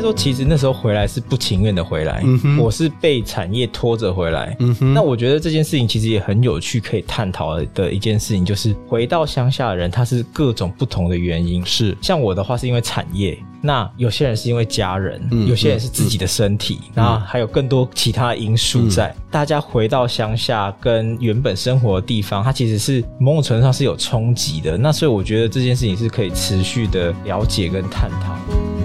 說其實那時候回來是不情願的回來，嗯，我是被產業拖着回來，嗯。那我覺得這件事情其實也很有趣，可以探討的一件事情就是回到鄉下的人，他是各種不同的原因。是像我的話是因為產業，那有些人是因為家人，嗯、有些人是自己的身體，嗯、那還有更多其他的因素在、嗯。大家回到鄉下跟原本生活的地方，它，嗯，其實是某種程度上是有衝擊的。那所以我覺得這件事情是可以持續的了解跟探討。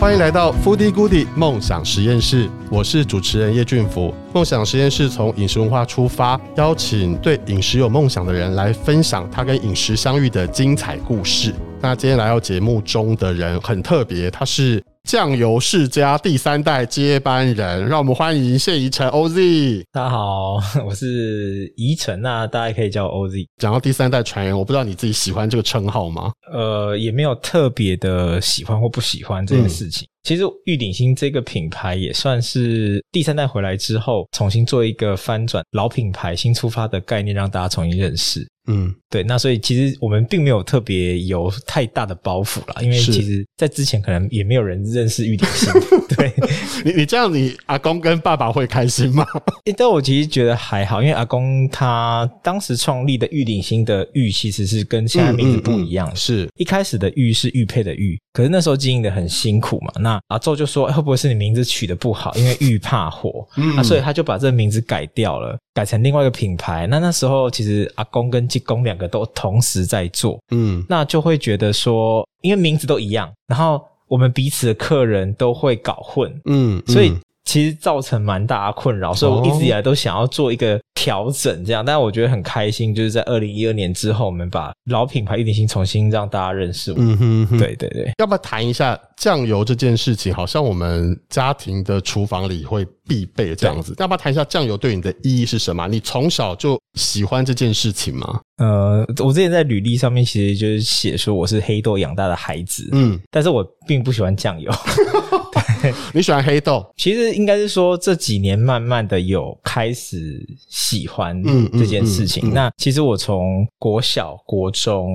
歡迎來到 Foodie Goodie 夢想食驗室，我是主持人葉俊福。夢想食驗室從飲食文化出發，邀請對飲食有夢想的人來分享他跟飲食相遇的精彩故事。那今天來到節目中的人很特別，他是。醬油世家第三代接班人，讓我們歡迎謝宜澂 OZ。大家好，我是宜澂，那大家也可以叫我 OZ。講到第三代傳人，我不知道你自己喜歡這個稱號嗎？呃，也沒有特別的喜歡或不喜歡這件事情。嗯其實御鼎興這個品牌也算是第三代回來之後重新做一個翻轉，老品牌新出發的概念，讓大家重新認識。嗯，對。那所以其實我們並沒有特別有太大的包袱啦，因為其實在之前可能也沒有人認識御鼎興。對，你你這樣，你阿公跟爸爸會開心嗎？但我其實覺得還好，因為阿公他當時創立的御鼎興的御其實是跟現在名字不一樣，嗯嗯嗯，是一開始的玉是玉佩的玉，可是那時候經營的很辛苦嘛，那。啊！阿周就說、欸：“會不會是你名字取得不好？因為玉怕火，啊、嗯，所以他就把這個名字改掉了，改成另外一個品牌。那那時候其實阿公跟吉公兩個都同時在做，嗯，那就會覺得說，因為名字都一樣，然後我們彼此的客人都會搞混，嗯，嗯，所以。”其實造成蠻大的困擾，所以我一直以來都想要做一個調整，這樣。但是我覺得很開心，就是在二零一二年之後，我們把老品牌一點心重新讓大家認識我。嗯哼哼，對對對。要不要談一下醬油這件事情？好像我們家庭的廚房裡會必備這樣子。要不要談一下醬油對你的意義是什麼？你從小就喜歡這件事情嗎？呃，我之前在履歷上面其實就是寫說我是黑豆養大的孩子，嗯，但是我並不喜歡醬油。 你喜歡黑豆，其實應該是說，這幾年慢慢的有開始喜歡這件事情。嗯嗯嗯嗯、那其實我從國小、國中，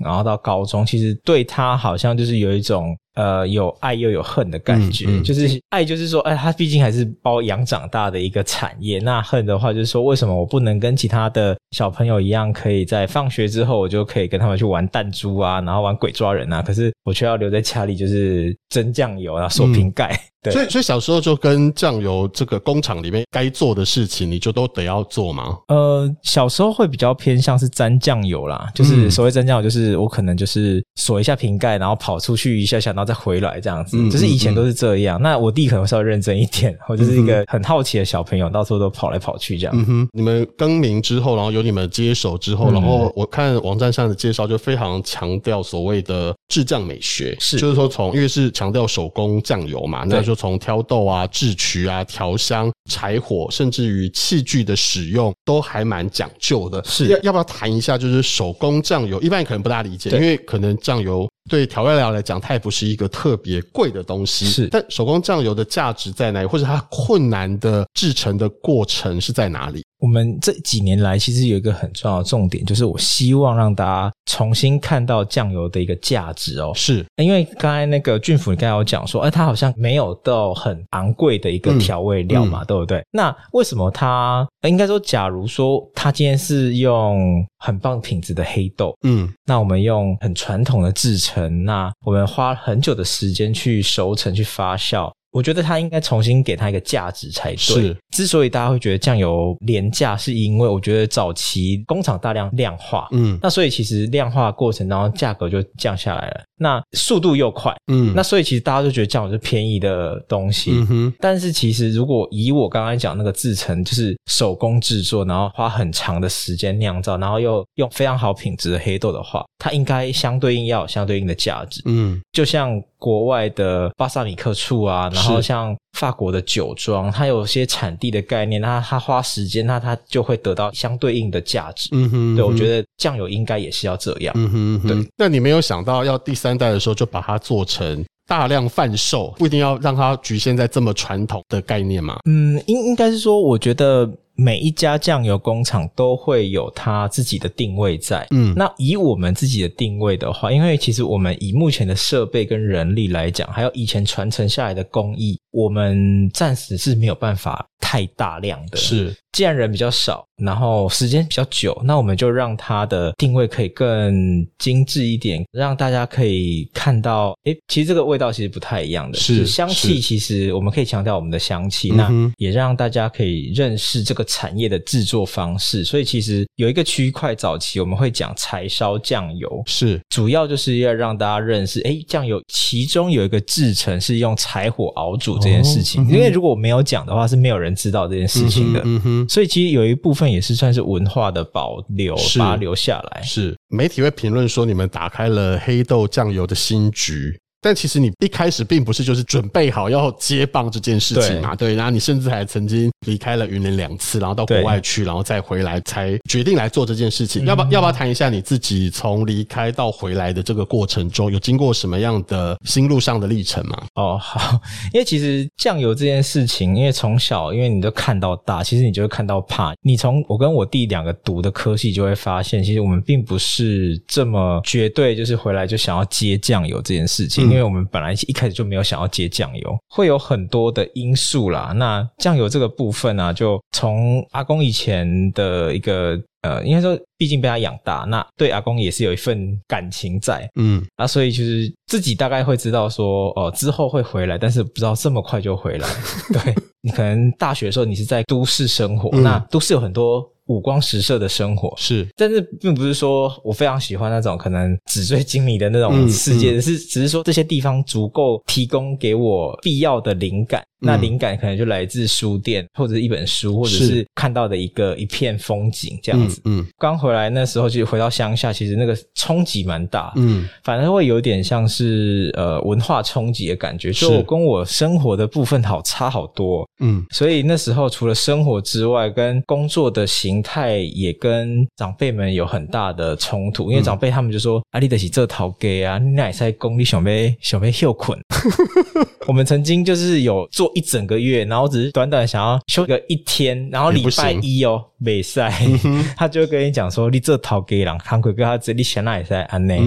然後到高中，其實對他好像就是有一種。呃，有愛又有恨的感覺，嗯嗯、就是愛就是說，哎，他畢竟還是包養長大的一個產業。那恨的話，就是說，為什麼我不能跟其他的小朋友一樣，可以在放學之後，我就可以跟他們去玩彈珠啊，然後玩鬼抓人啊？可是我卻要留在家裡，就是蒸醬油啊，鎖瓶蓋。嗯所以，所以小時候就跟醬油這個工廠裡面該做的事情，你就都得要做嗎？呃，小時候會比較偏向是沾醬油啦，就是所謂沾醬油，就是我可能就是鎖一下瓶蓋，然後跑出去一下下，然後再回來這樣子，嗯、就是以前都是這樣、嗯嗯。那我弟可能稍微認真一點，我就是一個很好奇的小朋友，嗯、到處都跑來跑去這樣子。嗯哼，你們更名之後，然後由你們接手之後，然後我看網站上的介紹就非常強調所謂的製醬美學，是。就是說從，因為是強調手工醬油嘛，那就從挑豆啊、製麴啊、調香、柴火，甚至於器具的使用，都還蠻講究的。是。要要不要談一下？就是手工醬油，一般人可能不大理解，因為可能醬油對調味料來講，它也不是一個特別貴的東西。是，但手工醬油的價值在哪裡，或者它困難的製成的過程是在哪裡？我們這幾年來其實有一個很重要的重點，就是我希望讓大家重新看到醬油的一個價值哦。是，因為剛才那個俊輔剛才有講說，誒、啊、它好像沒有到很昂貴的一個調味料嘛，嗯、對不對、嗯？那為什麼它應該說，假如說它今天是用很棒品質的黑豆，嗯，那我們用很傳統的製程，啊，那我們花很久的時間去熟成、去發酵。我覺得他應該重新給他一個價值才對。是，之所以大家會覺得醬油廉價，是因為我覺得早期工廠大量量化，嗯，那所以其實量化的過程當中價格就降下來了。那速度又快，嗯，那所以其實大家都覺得這樣是便宜的東西，嗯哼，但是其實如果以我剛剛講那個製程，就是手工製作，然後花很長的時間釀造，然後又用非常好品質的黑豆的話，它應該相對應要有相對應的價值，嗯，就像國外的巴薩米克醋啊，然後像。法國的酒莊，它有些產地的概念，它它花時間，那它就會得到相對應的價值。嗯哼，嗯哼，對我覺得醬油應該也是要這樣。嗯哼，嗯哼，對。那你沒有想到，要第三代的時候就把它做成大量販售，不一定要讓它局限在這麼傳統的概念嗎？嗯，應應該是說，我覺得。每一家醬油工廠都會有它自己的定位在。嗯，那以我們自己的定位的話，因為其實我們以目前的設備跟人力來講，還有以前傳承下來的工藝，我們暫時是沒有辦法太大量的。是，既然人比較少，然後時間比較久，那我們就讓它的定位可以更精致一點，讓大家可以看到，誒、欸，其實這個味道其實不太一樣的。是，就是、香氣其實我們可以強調我們的香氣、嗯，那也讓大家可以認識這個產業的製作方式，所以其實有一個區塊早期我們會講柴燒醬油，是主要就是要讓大家認識，哎、欸，醬油其中有一個製程是用柴火熬煮這件事情，哦嗯、因為如果我沒有講的話，是沒有人知道這件事情的嗯。嗯哼，所以其實有一部分也是算是文化的保留，把它留下來。是媒體會評論說，你們打開了黑豆醬油的新局。但其實你一開始並不是就是準備好要接棒這件事情嘛？對，對，然後你甚至還曾經離開了雲林兩次，然後到國外去，然後再回來才決定來做這件事情。嗯、要，不要不要要不要談一下你自己從離開到回來的這個過程中，有經過什麼樣的心路上的歷程嗎？哦，好，因為其實醬油這件事情，因為從小因為你都看到大，其實你就會看到怕。你從我跟我弟兩個讀的科系就會發現，其實我們並不是這麼絕對，就是回來就想要接醬油這件事情。嗯因為我們本來一開始就沒有想要接醬油，會有很多的因素啦。那醬油這個部分啊，就從阿公以前的一個呃，應該說，畢竟被他養大，那對阿公也是有一份感情在。嗯，啊，所以就是自己大概會知道說，哦，之後會回來，但是不知道這麼快就回來。 對，你可能大學的時候你是在都市生活，嗯，那都市有很多。五光十色的生活是，但是並不是說我非常喜歡那種可能紙醉金迷的那種世界，是、嗯嗯、只是說這些地方足夠提供給我必要的靈感。嗯、那靈感可能就來自書店或者一本書，或者是看到的一個一片風景這樣子。嗯，剛、嗯、回來那時候就回到鄉下，其實那個衝擊蠻大。嗯，反而會有點像是呃文化衝擊的感覺，就我跟我生活的部分好差好多。嗯，所以那時候除了生活之外，跟工作的行。太也跟長輩們有很大的衝突，因為長輩他們就說：“阿麗德起這套給啊，你哪賽功力小妹小妹休睏。” 我們曾經就是有做一整個月，然後只是短短想要休個一天，然後禮拜一哦、喔，美、欸、賽、嗯、他就跟你講說：“你，人你這套給啦，唐奎哥他只你選哪賽阿內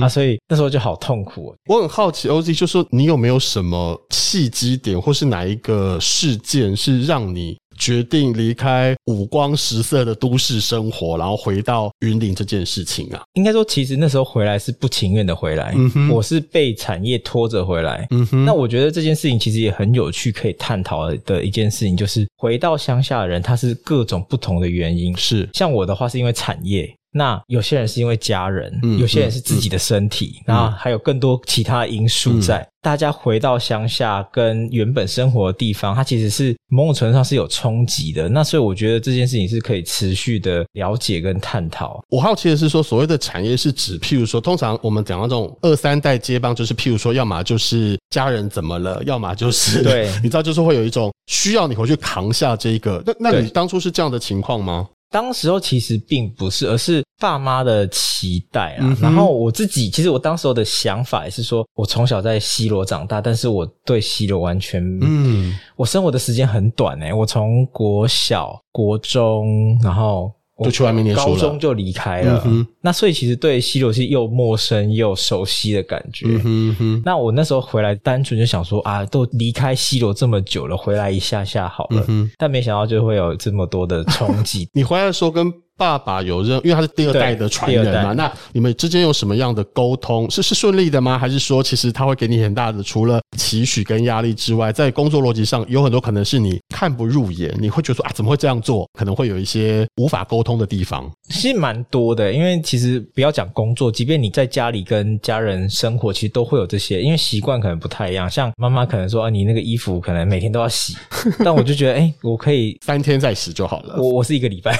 啊。”所以那時候就好痛苦、喔。我很好奇，Ozzy 就說：“你有沒有什麼契機點，或是哪一個事件是讓你？”決定離開五光十色的都市生活，然後回到雲林這件事情啊，應該說其實那時候回來是不情願的回來，嗯哼，我是被產業拖着回來。嗯哼，那我覺得這件事情其實也很有趣，可以探討的一件事情就是回到鄉下的人，他是各種不同的原因，是像我的話是因為產業。那有些人是因為家人，嗯，有些人是自己的身體，嗯，那還有更多其他的因素在，嗯。大家回到鄉下跟原本生活的地方，它，嗯，其實是某種程度上是有衝擊的。那所以我覺得這件事情是可以持續的了解跟探討。我好奇的是說，所謂的產業是指，譬如說，通常我們講到這種二三代接棒，就是譬如說，要麼就是家人怎麼了，要麼就是對，你知道，就是會有一種需要你回去扛下這個。那那你當初是這樣的情況嗎？當時候其實並不是，而是爸媽的期待啊、嗯。然後我自己其實我當時候的想法也是說，我從小在西螺長大，但是我對西螺完全，嗯，我生活的時間很短誒、欸、我從國小、國中，然後。就去外面，高中就離開了。 那所以其實對西螺是又陌生又熟悉的感覺。 那我那時候回來，單純就想說啊，都離開西螺這麼久了，回來一下下好了。 但沒想到就會有這麼多的衝擊。 你回來的時候跟。爸爸有任，因為他是第二代的傳人嘛。那你們之間有什麼樣的溝通？是是順利的嗎？還是說，其實他會給你很大的，除了期許跟壓力之外，在工作邏輯上有很多可能是你看不入眼，你會覺得說啊，怎麼會這樣做？可能會有一些無法溝通的地方，是蠻多的。因為其實不要講工作，即便你在家裡跟家人生活，其實都會有這些，因為習慣可能不太一樣。像媽媽可能說啊，你那個衣服可能每天都要洗，但我就覺得哎、欸，我可以三天再洗就好了。我我是一個禮拜。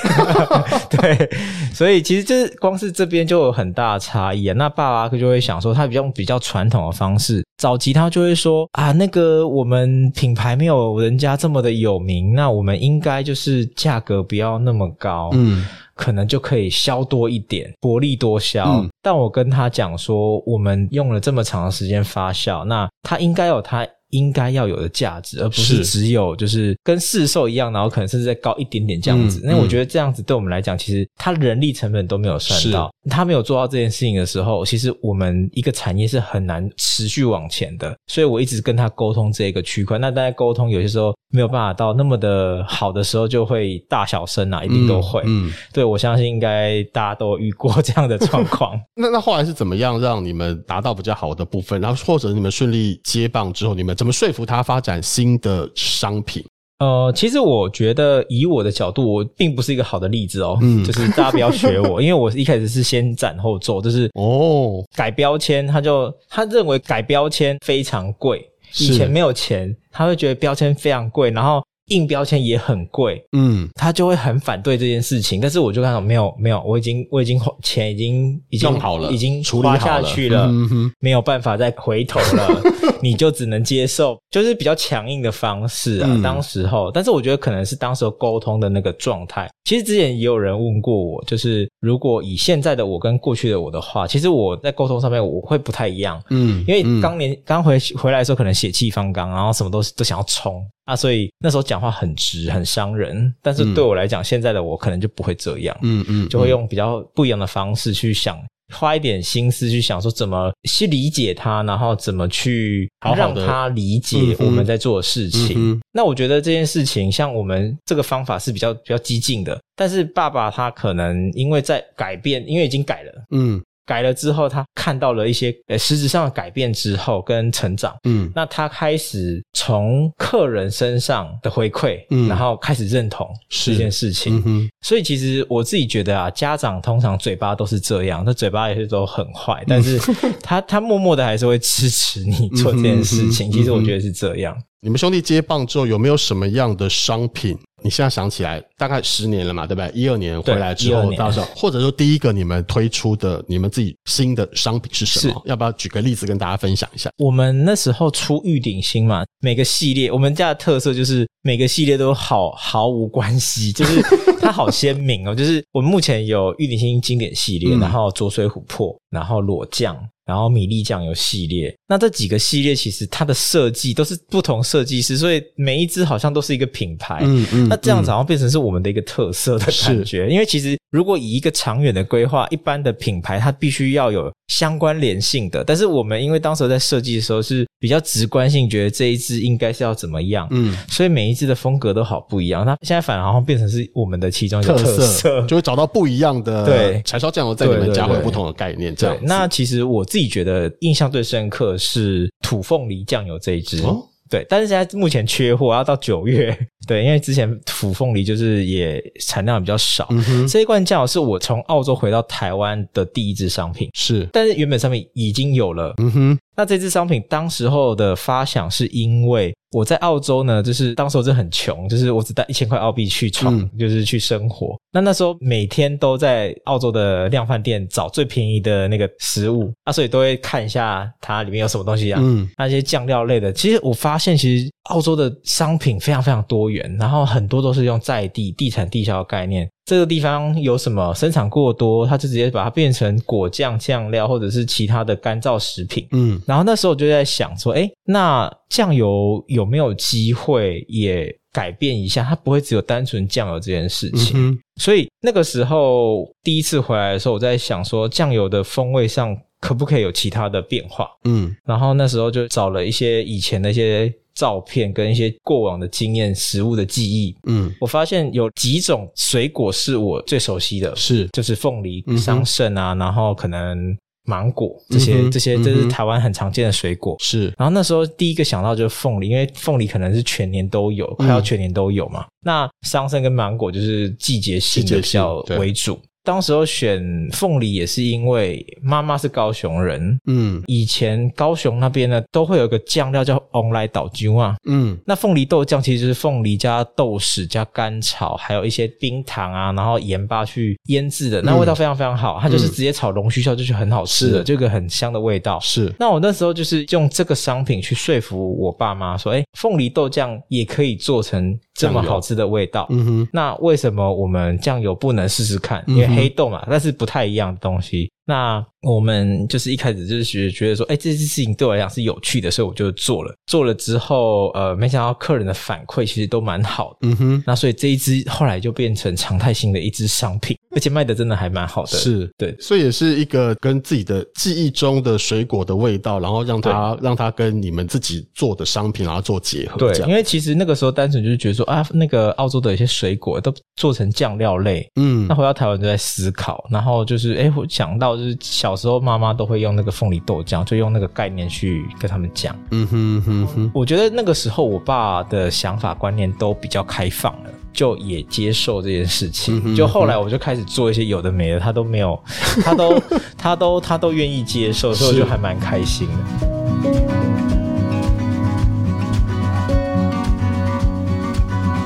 對，所以其實就是光是這邊就有很大的差異、啊、那爸爸就會想說，他比較比較傳統的方式早期他，就會說啊，那個我們品牌沒有人家這麼的有名，那我們應該就是價格不要那麼高，嗯，可能就可以銷多一點，薄利多銷、嗯。但我跟他講說，我們用了這麼長的時間發酵，那他應該有他。應該要有的價值，而不是只有就是跟市售一樣，然後可能甚至再高一點點這樣子。因、嗯、為、嗯、我覺得這樣子對我們來講，其實他人力成本都沒有算到，他沒有做到這件事情的時候，其實我們一個產業是很難持續往前的。所以我一直跟他溝通這個區塊，那大家溝通有些時候沒有辦法到那麼的好的時候，就會大小聲啊，一定都會。嗯，嗯，對，我相信應該大家都遇過這樣的狀況。 那那後來是怎麼樣讓你們達到比較好的部分，然後或者你們順利接棒之後，你們？怎麼說服他發展新的商品？呃，其實我覺得以我的角度，我並不是一個好的例子哦。嗯，就是大家不要學我， 因為我一開始是先斬後奏，就是哦改標籤，他就，哦，他認為改標籤非常貴，以前沒有錢，他會覺得標籤非常貴，然後。印標籤也很貴，嗯，他就會很反對這件事情。但是我就看到沒有沒有，我已經我已經錢已經已經好了，已經處理下去了，處理好了，嗯哼，沒有辦法再回頭了。 你就只能接受，就是比較強硬的方式啊，嗯。當時候，但是我覺得可能是當時候溝通的那個狀態。其實之前也有人問過我，就是如果以現在的我跟過去的我的話，其實我在溝通上面我會不太一樣，嗯，因為當年剛、嗯、回回來的時候，可能血氣方剛，然後什麼都都想要衝。那、啊、所以那時候講話很直，很傷人。但是對我來講、嗯，現在的我可能就不會這樣，嗯嗯，嗯，就會用比較不一樣的方式去想，花一點心思去想，說怎麼去理解他，然後怎麼去好好讓他理解我們在做的事情、嗯嗯。那我覺得這件事情，像我們這個方法是比較比較激進的，但是爸爸他可能因為在改變，因為已經改了，嗯。改了之後，他看到了一些呃實質上的改變之後，跟成長，嗯，那他開始從客人身上的回饋，嗯，然後開始認同這件事情。嗯，所以其實我自己覺得啊，家長通常嘴巴都是這樣，他嘴巴也是都很壞，但是他他默默的還是會支持你做這件事情，嗯。其實我覺得是這樣。你們兄弟接棒之後，有沒有什麼樣的商品？你現在想起來大概十年了嘛，對不對？一二年回來之後，到時候或者說第一個你們推出的你們自己新的商品是什麼是？要不要舉個例子跟大家分享一下？我們那時候出御鼎興嘛，每個系列我們家的特色就是每個系列都好毫無關係，就是它好鮮明哦。 就是我們目前有御鼎興經典系列，嗯、然後濁水琥珀，然後裸醬。然後米粒醬油系列，那這幾個系列其實它的設計都是不同設計師，所以每一只好像都是一個品牌。嗯嗯。那這樣子好像變成是我們的一個特色的感覺，因為其實如果以一個長遠的規劃，一般的品牌它必須要有相關聯性的，但是我們因為當時在設計的時候是比較直觀性，覺得這一支應該是要怎麼樣，嗯，所以每一只的風格都好不一樣。那現在反而好像變成是我們的其中一個特色，特色就會找到不一樣的柴燒醬油，在你們家會有不同的概念。這樣，對對對對對。那其實我。自己覺得印象最深刻是土鳳梨醬油這一支。哦，對，但是現在目前缺貨，要到九月。對，因為之前土鳳梨就是也產量比較少，這、嗯、一罐醬油是我從澳洲回到台灣的第一支商品，是，但是原本商品已經有了，嗯哼。那這支商品當時候的發想是因為。我在澳洲呢，就是當時我真的很窮，就是我只帶一千塊澳幣去闖、嗯，就是去生活。那那時候每天都在澳洲的量販店找最便宜的那個食物，啊，所以都會看一下它裡面有什麼東西啊。嗯，那些醬料類的，其實我發現，其實澳洲的商品非常非常多元，然後很多都是用在地地產地銷的概念。這個地方有什麼生產過多，他就直接把它變成果醬、醬料或者是其他的乾燥食品。嗯，然後那時候我就在想說，哎、欸，那醬油有沒有機會也改變一下？它不會只有單純醬油這件事情。嗯，所以那個時候第一次回來的時候，我在想說，醬油的風味上可不可以有其他的變化？嗯，然後那時候就找了一些以前那些。照片跟一些過往的經驗、食物的記憶，嗯，我發現有幾種水果是我最熟悉的，是，就是鳳梨、嗯、桑葚啊，然後可能芒果這些，嗯、這些就是台灣很常見的水果。是、嗯，然後那時候第一個想到就是鳳梨，因為鳳梨可能是全年都有，快要全年都有嘛。嗯、那桑葚跟芒果就是季節性的比較為主。當時候選鳳梨也是因為媽媽是高雄人，嗯，以前高雄那邊呢都會有一個醬料叫鳳梨豆醬啊，嗯，那鳳梨豆醬其實是鳳梨加豆豉加甘草，還有一些冰糖啊，然後鹽巴去醃製的，那味道非常非常好，嗯、它就是直接炒龍鬚菜就是很好吃的，這個很香的味道是。是，那我那時候就是用這個商品去說服我爸媽說，哎、欸，鳳梨豆醬也可以做成。這麼好吃的味道，那為什麼我們醬油不能試試看？嗯哼。因為黑豆嘛，但是不太一樣的東西。那我們就是一開始就是覺覺得說，哎、欸，這件事情對我來講是有趣的，所以我就做了。做了之後，呃，沒想到客人的反饋其實都蠻好的。嗯哼。那所以這一支後來就變成常態性的一支商品，而且賣的真的還蠻好的。是對，所以也是一個跟自己的記憶中的水果的味道，然後讓它讓它跟你們自己做的商品然後做結合。對，因為其實那個時候單純就是覺得說，啊，那個澳洲的一些水果都做成醬料類，嗯，那回到台灣就在思考，然後就是哎、欸、我想到。就是小時候，媽媽都會用那個鳳梨豆漿，就用那個概念，去跟他們講。嗯哼哼、嗯、哼，我覺得那個時候，我爸的想法觀念都比較開放了，就也接受這件事情。嗯哼嗯哼，就後來，我就開始做一些有的沒的，他都沒有，他都 他都他都願意接受，所以我就還蠻開心的。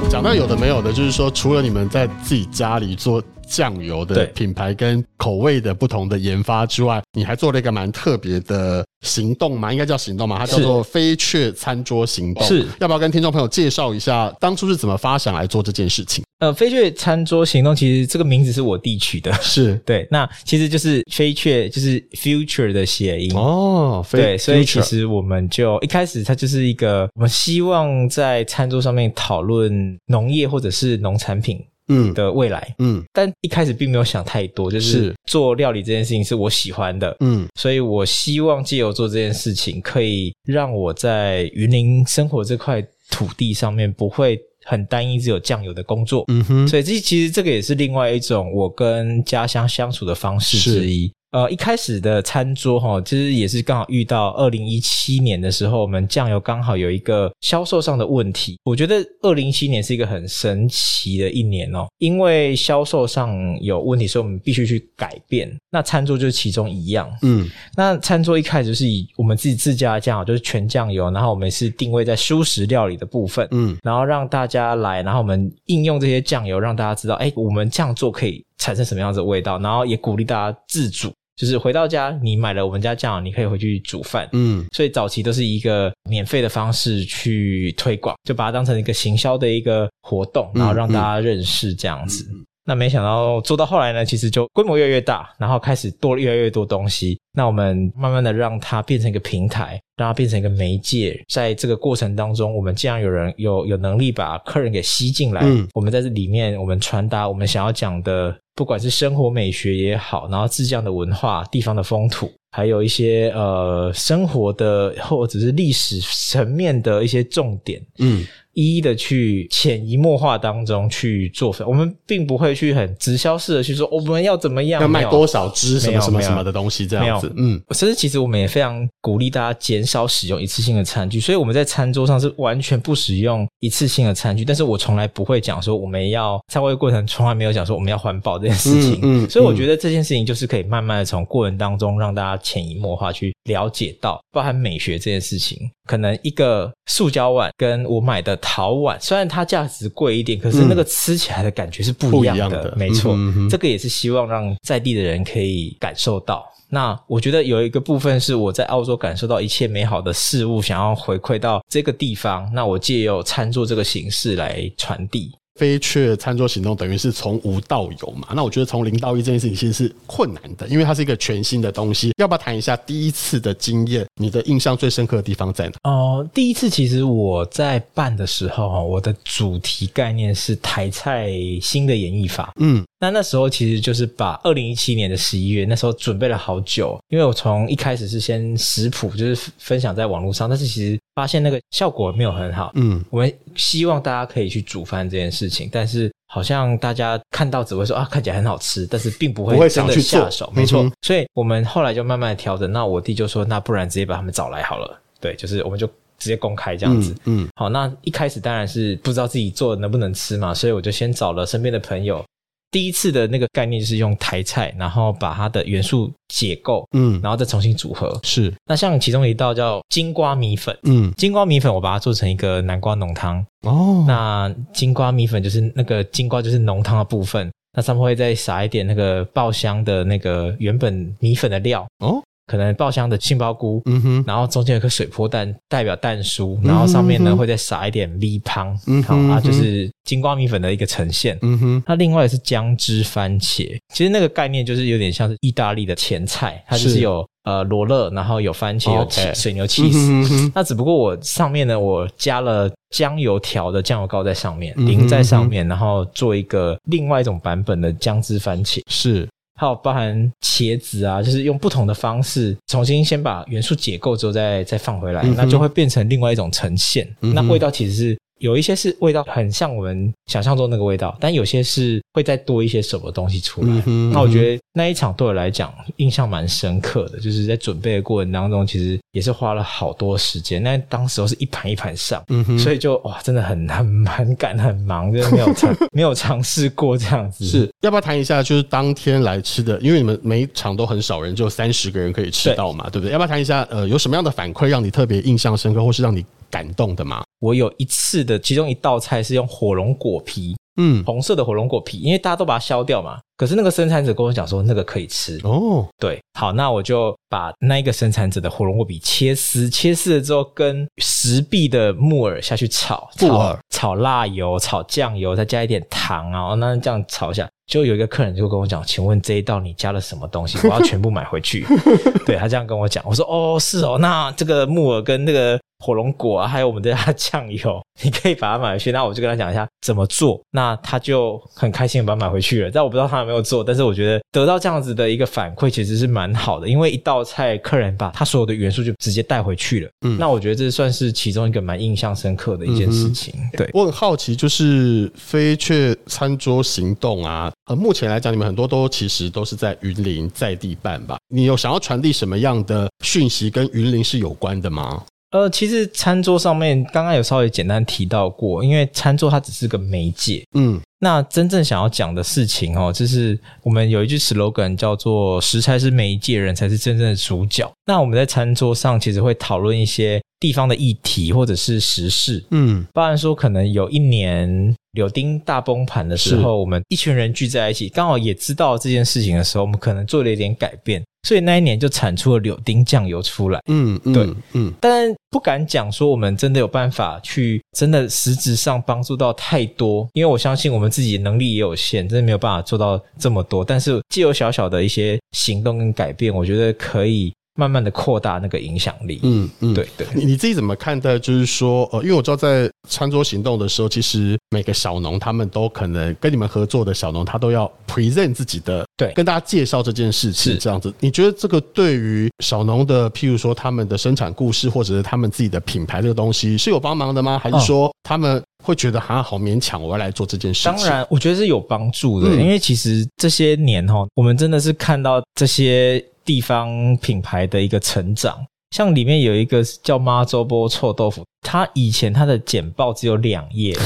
講到有的沒有的，就是說，除了你們在自己家裡做醬油的品牌跟口味的不同的研發之外，你還做了一個蠻特別的行動嘛？應該叫行動嘛？它叫做飛雀餐桌行動。是要不要跟聽眾朋友介紹一下當初是怎麼發想來做這件事情？呃，飛雀餐桌行動其實這個名字是我弟取的，是對。那其實就是飛雀，就是 future 的諧音哦。飛雀。對，所以其實我們就一開始它就是一個我們希望在餐桌上面討論農業或者是農產品。嗯的未來，嗯，但一開始並沒有想太多，就是做料理這件事情是我喜歡的，嗯，所以我希望藉由做這件事情，可以讓我在雲林生活這塊土地上面不會很單一，只有醬油的工作，嗯哼，所以這其實這個也是另外一種我跟家鄉相處的方式之一。呃，一開始的餐桌哈，其實也是剛好遇到二零一七年的時候，我們醬油剛好有一個銷售上的問題。我覺得二零一七年是一個很神奇的一年哦，因為銷售上有問題，所以我們必須去改變。那餐桌就是其中一樣。嗯，那餐桌一開始是以我們自己自家的醬油，就是全醬油，然後我們是定位在蔬食料理的部分。嗯，然後讓大家來，然後我們應用這些醬油，讓大家知道，哎，我們這樣做可以產生什麼樣子的味道，然後也鼓勵大家自煮。就是回到家，你買了我們家醬，你可以回去煮飯。嗯，所以早期都是一個免費的方式去推廣，就把它當成一個行銷的一個活動，然後讓大家認識這樣子。嗯嗯。那沒想到做到後來呢，其實就規模越來越大，然後開始多了越來越多東西。那我們慢慢的讓它變成一個平台，讓它變成一個媒介。在這個過程當中，我們既然有人有有能力把客人給吸進來。嗯，我們在這裡面，我們傳達我們想要講的。不管是生活美學也好，然後製醬的文化、地方的風土，還有一些呃生活的或者是歷史層面的一些重點，嗯，一一的去潛移默化當中去做。我們並不會去很直銷式的去說、哦、我們要怎麼樣，要賣多少支，什麼什麼什麼的東西這樣子，嗯。甚至其實我們也非常鼓勵大家減少使用一次性的餐具，所以我們在餐桌上是完全不使用一次性的餐具。但是我從來不會講說我們要餐會過程從來沒有講說我們要環保這件事情、嗯嗯，所以我覺得這件事情就是可以慢慢的從過程當中讓大家潛移默化去了解到，包含美學這件事情。可能一個塑膠碗跟我買的陶碗，雖然它價值貴一點，可是那個吃起來的感覺是不一樣的。嗯、沒錯、嗯，這個也是希望讓在地的人可以感受到。那我覺得有一個部分是我在澳洲感受到一切美好的事物，想要回饋到這個地方，那我借由餐桌這個形式來傳遞。飛雀餐桌行動等於是從無到有嘛，那我覺得從零到一這件事情其實是困難的，因為它是一個全新的東西。要不要談一下第一次的經驗？你的印象最深刻的地方在哪？哦、呃，第一次其實我在辦的時候，我的主題概念是台菜新的演繹法。嗯。那那時候其實就是把二零一七年的十一月，那時候準備了好久，因為我從一開始是先食譜，就是分享在網絡上，但是其實發現那個效果沒有很好。嗯，我們希望大家可以去煮飯這件事情，但是好像大家看到只會說啊，看起來很好吃，但是並不會真的下手。嗯嗯，沒錯，所以我們後來就慢慢調整。那我弟就說，那不然直接把他們找來好了。對，就是我們就直接公開這樣子。嗯，嗯，好，那一開始當然是不知道自己做的能不能吃嘛，所以我就先找了身邊的朋友。第一次的那個概念就是用台菜，然後把它的元素解構，嗯，然後再重新組合。是，那像其中一道叫金瓜米粉，嗯，金瓜米粉我把它做成一個南瓜濃湯。哦，那金瓜米粉就是那個金瓜就是濃湯的部分，那他們會再撒一點那個爆香的那個原本米粉的料。哦。可能爆香的杏鮑菇、嗯哼，然後中間有顆水波蛋，代表蛋酥、嗯，然後上面呢、嗯、會再撒一點米香，啊、嗯嗯，就是金瓜米粉的一個呈現。嗯哼，它另外是薑汁番茄，其實那個概念就是有點像是意大利的前菜，它就是有是呃羅勒，然後有番茄，okay. 有起水牛起司，嗯哼嗯哼，那只不過我上面呢，我加了薑油調的醬油膏在上面嗯哼嗯哼，淋在上面，然後做一個另外一種版本的薑汁番茄是。還有包含茄子啊，就是用不同的方式重新先把元素解構之後再、再再放回來，嗯，那就會變成另外一種呈現。嗯、那味道其實是。有一些是味道很像我們想象中那個味道，但有些是會再多一些什麼東西出來。嗯嗯、那我覺得那一場對我來講印象蠻深刻的，就是在準備的過程當中，其實也是花了好多時間。那當時候是一盤一盤上，嗯，所以就哇，真的很很蠻趕、很忙，真的沒有嘗 沒有嘗試過這樣子。是要不要談一下？就是當天來吃的，因為你們每一場都很少人，只有三十個人可以吃到嘛，對，對不對？要不要談一下？呃，有什麼樣的反饋讓你特別印象深刻，或是讓你？感動的嗎？我有一次的其中一道菜是用火龍果皮，嗯，紅色的火龍果皮，因為大家都把它削掉嘛。可是那個生產者跟我講說，那個可以吃哦。對，好，那我就把那一個生產者的火龍果皮切絲，切絲了之後跟石壁的木耳下去炒，炒木耳炒辣油，炒醬油，再加一點糖啊，那這樣炒一下。就有一個客人就跟我講，請問這一道你加了什麼東西？我要全部買回去。 對，他這樣跟我講，我說哦，是哦，那這個木耳跟那個火龍果啊，還有我們這家醬油，你可以把它買回去。那我就跟他講一下怎麼做，那他就很開心地把它買回去了。但我不知道他有沒有做，但是我覺得。得到這樣子的一個反饋，其實是蠻好的，因為一道菜，客人把他所有的元素就直接帶回去了。嗯，那我覺得這算是其中一個蠻印象深刻的一件事情。嗯、對。我很好奇，就是飛雀餐桌行動啊，呃，目前來講，你們很多都其實都是在雲林在地辦吧？你有想要傳遞什麼樣的訊息跟雲林是有關的嗎？呃，其實餐桌上面剛剛有稍微簡單提到過，因為餐桌它只是個媒介。嗯，那真正想要講的事情哦，就是我們有一句 slogan 叫做“食材是媒介，人才是真正的主角”。那我們在餐桌上其實會討論一些地方的議題或者是時事。嗯，包含說可能有一年柳丁大崩盤的時候，我們一群人聚在一起，剛好也知道這件事情的時候，我們可能做了一點改變。所以那一年就產出了柳丁醬油出來，嗯，嗯，對，嗯，但不敢講說我們真的有辦法去真的實質上幫助到太多，因為我相信我們自己的能力也有限，真的沒有辦法做到這麼多。但是既有小小的一些行動跟改變，我覺得可以慢慢的擴大那個影響力，嗯嗯，對對。你自己怎麼看待？就是說，呃，因為我知道在餐桌行動的時候，其實每個小農他們都可能跟你們合作的小農，他都要 present 自己的，對，跟大家介紹這件事情。這樣子。你覺得這個對於小農的，譬如說他們的生產故事，或者是他們自己的品牌這個東西，是有幫忙的嗎？還是說他們會覺得啊，好勉強我要來做這件事情？當然，我覺得是有幫助的，嗯、因為其實這些年哈、哦，我們真的是看到這些。地方品牌的一個成長，像裡面有一個叫媽周波臭豆腐，他以前他的簡報只有兩頁，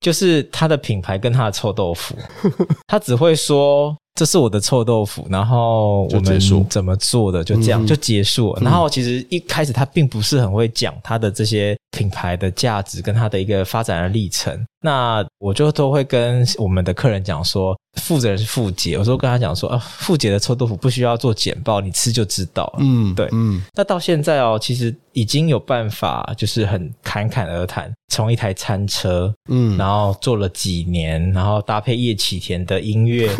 就是他的品牌跟他的臭豆腐，他只會說這是我的臭豆腐，然後我們怎麼做的，就這樣就結束了。然後其實一開始他並不是很會講他的這些。品牌的價值跟它的一個發展的歷程，那我就都會跟我們的客人講說，負責人是傅杰，我說跟他講說，啊，傅杰的臭豆腐不需要做簡報，你吃就知道了，嗯，對，嗯，那到現在哦，其實已經有辦法，就是很侃侃而談，從一台餐車，嗯，然後做了幾年，然後搭配葉啟田的音樂，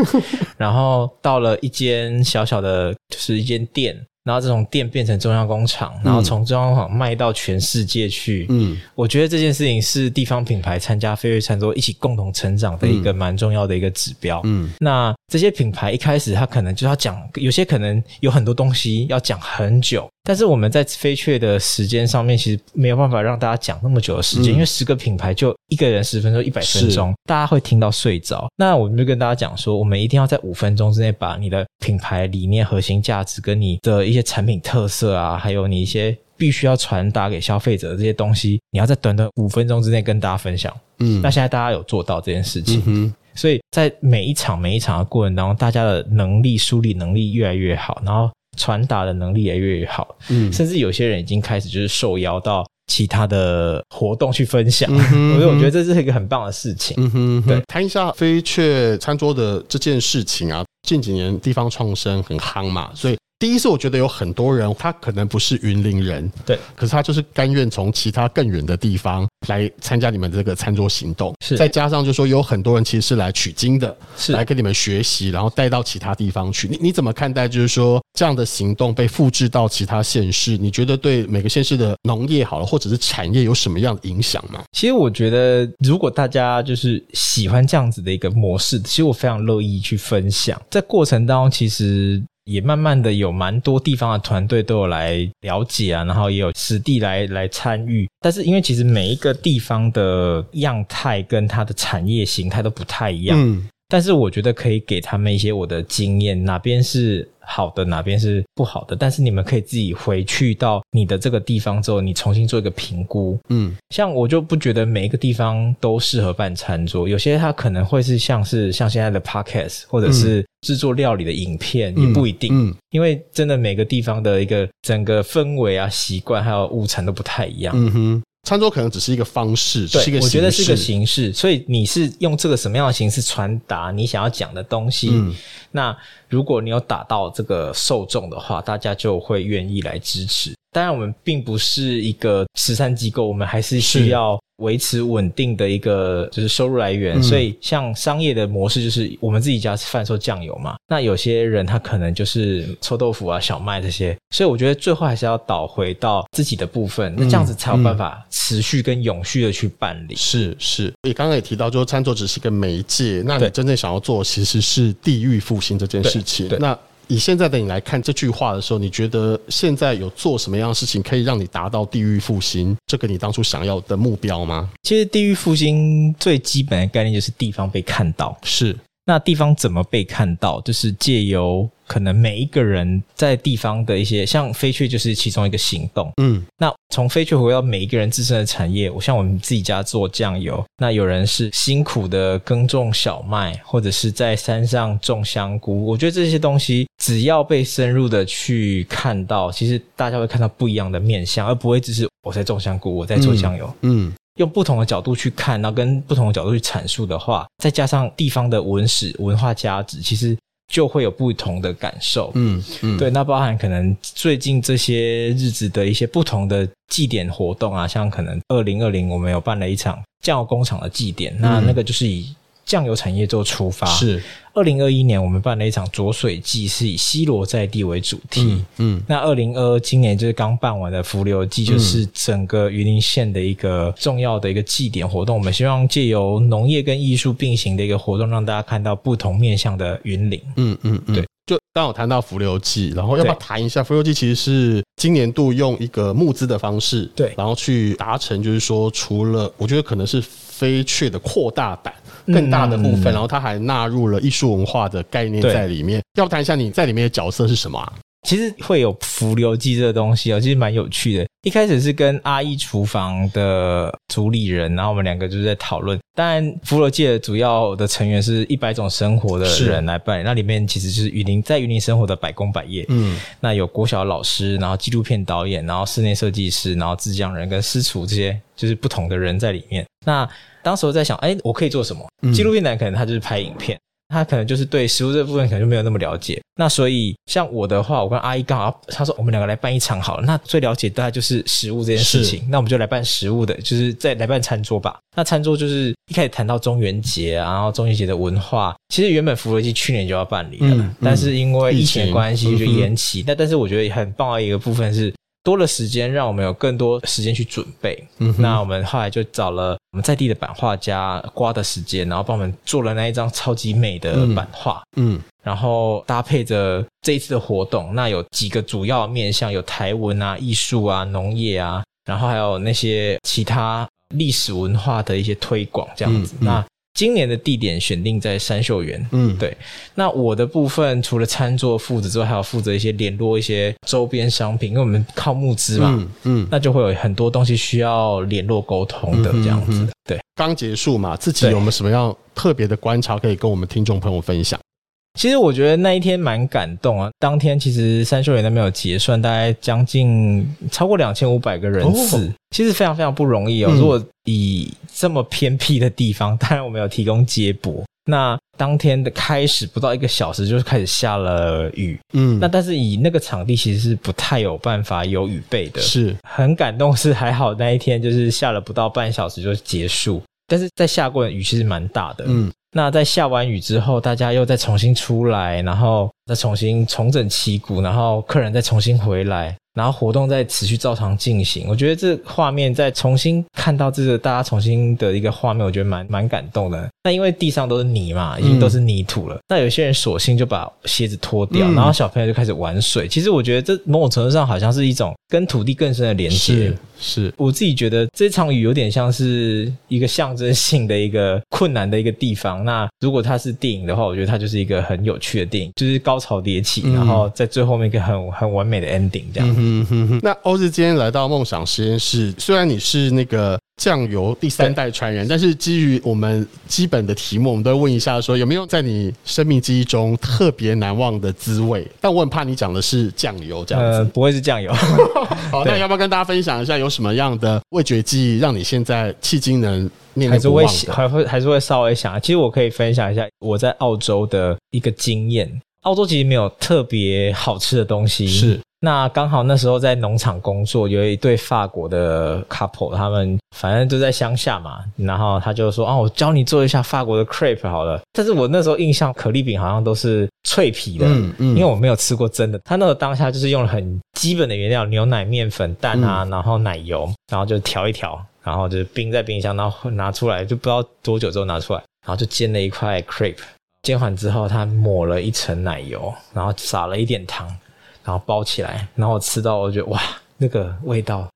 然後到了一間小小的，就是一間店。然後這種店變成中央工廠，然後從中央工廠賣到全世界去嗯。嗯，我覺得這件事情是地方品牌參加飛雀餐桌一起共同成長的一個蠻重要的一個指標嗯。嗯，那這些品牌一開始它可能就要講，有些可能有很多東西要講很久。但是我們在飛雀的時間上面，其實沒有辦法讓大家講那麼久的時間，嗯，因為十個品牌就一個人十分鐘、一百分鐘，大家會聽到睡着。那我們就跟大家講說，我們一定要在五分鐘之內把你的品牌理念、核心價值，跟你的一些產品特色啊，還有你一些必須要傳達給消費者的這些東西，你要在短短五分鐘之內跟大家分享。嗯，那現在大家有做到這件事情，嗯，所以在每一場每一場的過程當中，大家的能力梳理能力越來越好，然後。傳達的能力也越來越好，嗯，甚至有些人已經開始就是受邀到其他的活動去分享，所、嗯、以、嗯、 我覺得這是一個很棒的事情。嗯哼，嗯哼，對，談一下飛雀餐桌的這件事情啊，近幾年地方創生很夯嘛，所以第一次我覺得有很多人，他可能不是雲林人，對，可是他就是甘願從其他更遠的地方。來參加你們這個餐桌行動，是再加上就是說有很多人其實是來取經的，是來跟你們學習，然後帶到其他地方去。你你怎麼看待就是說這樣的行動被複製到其他縣市？你覺得對每個縣市的農業好了，或者是產業有什麼樣的影響嗎？其實我覺得，如果大家就是喜歡這樣子的一個模式，其實我非常樂意去分享。在過程當中，其實。也慢慢的有蠻多地方的團隊都有來了解啊，然後也有實地來來參與。但是因為其實每一個地方的樣態跟它的產業形態都不太一樣。嗯但是我覺得可以給他們一些我的經驗，哪邊是好的，哪邊是不好的。但是你們可以自己回去到你的這個地方之後，你重新做一個評估。嗯，像我就不覺得每一個地方都適合辦餐桌，有些它可能會是像是像現在的 podcast，或者是制作料理的影片，嗯，也不一定，嗯，嗯，因為真的每個地方的一個整個氛圍啊、習慣還有物產都不太一樣。嗯哼。餐桌可能只是一個方式，對，是一個形式。我覺得是個形式，所以你是用這個什麼樣的形式傳達你想要講的東西，嗯，那如果你有打到這個受眾的話，大家就會願意來支持。當然，我們並不是一個慈善機構，我們還是需要，是。維持穩定的一個就是收入來源，嗯，所以像商業的模式就是我們自己家是販售醬油嘛，那有些人他可能就是臭豆腐啊、小麥這些，所以我覺得最後還是要倒回到自己的部分，嗯，那這樣子才有辦法持續跟永續的去辦理。是，嗯嗯，是，你剛剛也提到，就是餐桌只是一個媒介，那你真正想要做其實是地域復興這件事情。對對對，那以現在的你來看這句話的時候，你覺得現在有做什麼樣的事情可以讓你達到地域復興，這個你當初想要的目標嗎？其實地域復興最基本的概念就是地方被看到，是。那地方怎麼被看到？就是借由可能每一個人在地方的一些，像飛雀就是其中一個行動。嗯，那從飛雀回到每一個人自身的產業，我像我們自己家做醬油，那有人是辛苦的耕種小麥，或者是在山上種香菇。我覺得這些東西只要被深入的去看到，其實大家會看到不一樣的面向，而不會只是我在種香菇，我在做醬油。嗯。嗯用不同的角度去看，然後跟不同的角度去闡述的話，再加上地方的文史文化價值，其實就會有不同的感受。嗯嗯，對。那包含可能最近這些日子的一些不同的祭典活動啊，像可能二零二零我們有辦了一場醬油工廠的祭典，那那個就是以。醬油產業做出發，是二零二一年，我們辦了一場濁水祭，是以西螺在地為主題。嗯，嗯，那二零二二今年就是剛辦完的伏流祭，就是整個雲林縣的一個重要的一個祭典活動。嗯、我們希望借由農業跟藝術並行的一個活動，讓大家看到不同面向的雲林。嗯嗯嗯，對。就剛好談到伏流祭，然後要不要談一下伏流祭？其實是今年度用一個募資的方式，對，然後去達成，就是說除了我覺得可能是飛雀的擴大版。更大的部分，嗯啊嗯啊、然後他還納入了藝術文化的概念在裡面。要不談一下你在裡面的角色是什麼、啊？其實會有《伏流祭》這個東西哦，其實蠻有趣的。一開始是跟阿一廚房的主理人，然後我們兩個就是在討論。當然，《伏流祭》的主要的成員是一百種生活的人來扮演，那裡面其實就是雲林在雲林生活的百工百業。嗯，那有國小老師，然後紀錄片導演，然後室內設計師，然後製醬人跟師廚這些，就是不同的人在裡面。那當時我在想，哎、欸，我可以做什麼？紀錄片男可能他就是拍影片。嗯他可能就是對食物這部分可能就沒有那麼了解，那所以像我的話，我跟阿姨剛好，他說我們兩個來辦一場好了，那最了解，大概就是食物這件事情，那我們就來辦食物的，就是再來辦餐桌吧。那餐桌就是一開始談到中元節、啊，然後中元節的文化，其實原本伏流祭去年就要辦理了，嗯嗯、但是因為疫情，疫情的關係就，就延期。嗯、但但是我覺得很棒的一個部分是，多了時間讓我們有更多時間去準備、嗯。那我們後來就找了我們在地的版畫家，刮的時間，然後幫我們做了那一張超級美的版畫、嗯。嗯，然後搭配着這一次的活動，那有幾個主要面向，有台文啊、藝術啊、農業啊，然後還有那些其他歷史文化的一些推廣這樣子。嗯嗯、那今年的地點選定在三秀園，嗯，對。那我的部分除了餐桌負責之外，還有負責一些聯絡、一些周邊商品，因為我們靠募資嘛，嗯，嗯，那就會有很多東西需要聯絡溝通的這樣子的。嗯哼嗯哼，對，剛結束嘛，自己有沒有什麼樣特別的觀察可以跟我們聽眾朋友分享？其實我覺得那一天蠻感動啊。當天其實三秀園那邊有結算，大概將近超過兩千五百個人次，哦，其實非常非常不容易哦。嗯、如果以這麼偏僻的地方，當然我們有提供接駁。那當天的開始不到一個小時，就是開始下了雨。嗯，那但是以那個場地其實是不太有辦法有雨備的，是很感動。是還好那一天就是下了不到半小時就結束，但是在下過的雨其實蠻大的。嗯，那在下完雨之後，大家又再重新出來，然後。再重新重整旗鼓，然後客人再重新回來，然後活動再持續照常進行。我覺得這畫面再重新看到這個大家重新的一個畫面，我覺得蠻蠻感動的。那因為地上都是泥嘛，已經都是泥土了。嗯。那有些人索性就把鞋子脫掉，嗯，然後小朋友就開始玩水。其實我覺得這某種程度上好像是一種跟土地更深的連接。是，是。我自己覺得這場雨有點像是一個象徵性的一個困難的一個地方。那如果它是電影的話，我覺得它就是一個很有趣的電影，就是高。超迭起，嗯，然後在最後面一個很很完美的 ending 這樣子。那 Ozzy 今天來到夢想實驗室，雖然你是那個醬油第三代傳人，但是基於我們基本的題目，我們都要問一下說，有沒有在你生命記憶中特別難忘的滋味？但我很怕你講的是醬油這樣子。呃、不會是醬油。 好，那要不要跟大家分享一下有什麼樣的味覺記憶，讓你現在迄今能念念不忘的還是會會還是會稍微想？其實我可以分享一下我在澳洲的一個經驗。澳洲其實沒有特別好吃的東西。是，那剛好那時候在農場工作，有一對法國的 couple，他們反正都在鄉下嘛。然後他就說：“啊，我教你做一下法國的 crepe 好了。”但是我那時候印象，可麗餅好像都是脆皮的，嗯嗯，因為我沒有吃過真的。他那個當下就是用了很基本的原料，牛奶、麵粉、蛋啊，然後奶油，然後就調一調，然後就是冰在冰箱，然後拿出來，就不知道多久之後拿出來，然後就煎了一塊 crepe。煎完之後，他抹了一層奶油，然後撒了一點糖，然後包起來，然後我吃到，我覺得哇，那個味道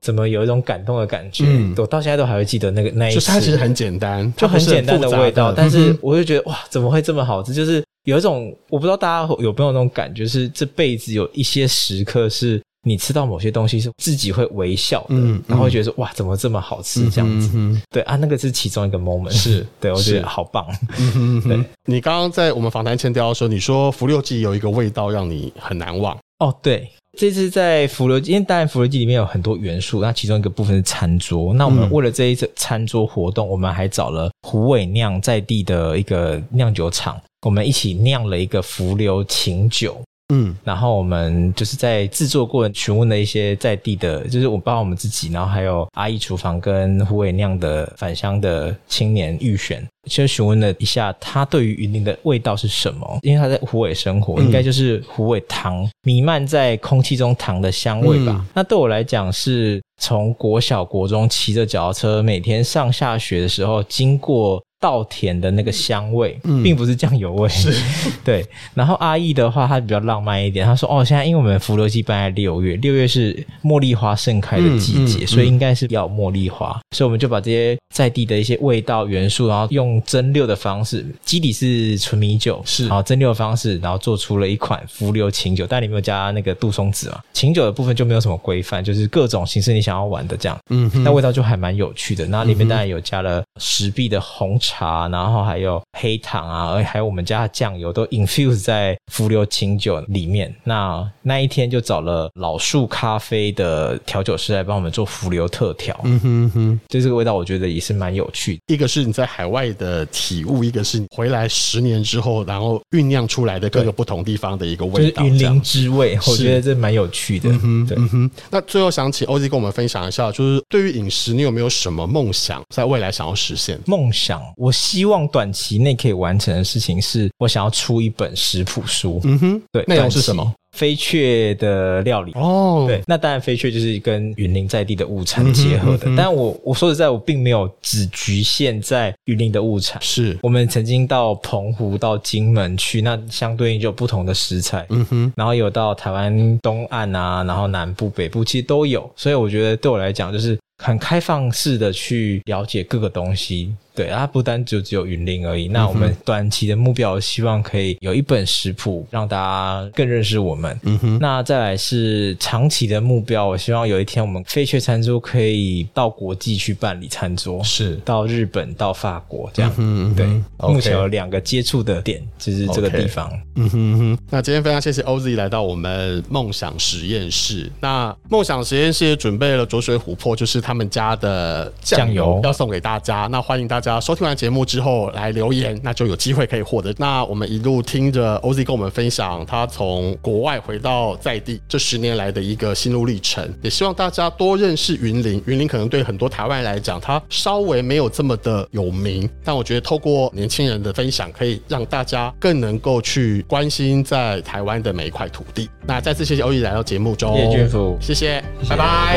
怎麼有一種感動的感覺？嗯，我到現在都還會記得那個那一次。就它其實很簡單，就很簡單的味道，是但是我就覺得哇，怎麼會這麼好吃？就是有一種、嗯、我不知道大家有沒有那種感覺是，是這輩子有一些時刻是。你吃到某些東西是自己會微笑的，嗯嗯、然後會覺得說哇，怎麼這麼好吃這樣子？嗯嗯嗯、對啊，那個是其中一個 moment，是對我覺得好棒、嗯嗯嗯。對，你剛剛在我們訪談前聊的時候，你說《伏流祭》有一個味道讓你很難忘。哦，對，這次在《伏流祭》，因為當然《伏流祭》裡面有很多元素，那其中一個部分是餐桌。那我們為了這一次餐桌活動，嗯、我們還找了虎尾釀在地的一個釀酒廠，我們一起釀了一個伏流琴酒。嗯，然後我們就是在製作過詢問了一些在地的，就是我包括我們自己，然後還有阿姨廚房跟虎尾釀的返鄉的青年預選，先詢問了一下他對於雲林的味道是什麼？因為他在虎尾生活，嗯、應該就是虎尾糖彌漫在空氣中糖的香味吧。嗯、那對我來講，是從國小國中騎着腳踏車每天上下學的時候經過稻田的那個香味，並不是醬油味，嗯。對。然後阿義的話，他比較浪漫一點。他說：“哦，現在因為我們伏流祭辦在六月，六月是茉莉花盛開的季節，嗯嗯嗯，所以應該是要茉莉花。所以我們就把這些在地的一些味道元素，然後用蒸餾的方式，基底是純米酒，是，然後蒸餾的方式，然後做出了一款伏流琴酒。但裡面有加那個杜松子嘛，琴酒的部分就沒有什麼規範，就是各種形式你想要玩的這樣。嗯，那味道就還蠻有趣的。那裡面當然有加了。”石壁的紅茶，然後還有黑糖啊，還有我們家的醬油都 infuse 在伏流清酒裡面。那那一天就找了老樹咖啡的調酒師來幫我們做伏流特調。嗯哼哼，就這個味道，我覺得也是蠻有趣的。一個是你在海外的體悟，一個是回來十年之後，然後醞釀出來的各個不同地方的一個味道，就是雲林之味，我覺得這蠻有趣的。嗯對。嗯哼，那最後想請 Ozzy 跟我們分享一下，就是對於飲食，你有沒有什麼夢想，在未來想要實實現夢想，我希望短期內可以完成的事情是，我想要出一本食譜書。嗯哼，對，內容是什麼？飛雀的料理哦，對，那當然飛雀就是跟雲林在地的物產結合的。嗯哼嗯哼，但我我說實在，我並沒有只侷限在雲林的物產。是我們曾經到澎湖、到金門去，那相對應就有不同的食材。嗯哼，然後有到台灣東岸啊，然後南部、北部其實都有。所以我覺得對我來講就是。很開放式的去了解各個東西。對啊，它不單就只有雲林而已。那我們短期的目標，希望可以有一本食譜，讓大家更認識我們。嗯哼。那再來是長期的目標，我希望有一天我們飛雀餐桌可以到國際去辦理餐桌，是到日本、到法國這樣。嗯哼嗯哼。對、okay。目前有兩個接觸的點，就是這個地方。Okay、嗯哼嗯哼。那今天非常謝謝 Ozzy 來到我們夢想食驗室。那夢想食驗室也準備了濁水琥珀，就是他們家的醬油要送給大家。那歡迎大家。收聽完節目之後來留言，那就有機會可以獲得。那我們一路聽着 Ozzy 跟我們分享他從國外回到在地、嗯、這十年來的一個心路歷程，也希望大家多認識雲林。雲林可能對很多台灣人來講，他稍微沒有這麼的有名，但我覺得透過年輕人的分享，可以讓大家更能夠去關心在台灣的每一塊土地。那再次謝謝 Ozzy 來到節目中，葉君福，謝謝，拜拜。謝謝拜拜拜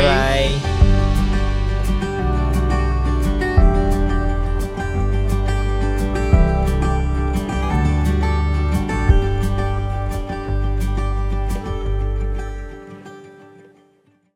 拜